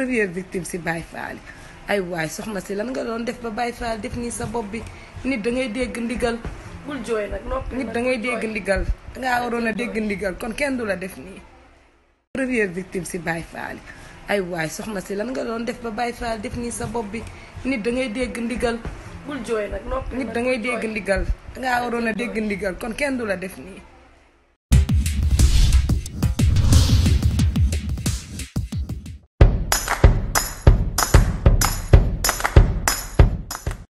première victime si Baye Fall ay waay soxna si lan nga doon def ba Baye Fall def nii sa bopp bi nit da ngay dégg ndigal. bul jooy nag noppi nit da ngay dégg ndigal dangaa waroon a dégg ndigal kon kenn du la def nii. première victime si Baye Fall ay waay soxna si lan nga doon def ba Baye Fall def nii sa bopp bi nit da ngay dégg ndigal. bul jooy nag noppi nit da ngay dégg ndigal dangaa waroon a dégg ndigal kon kenn du la def nii.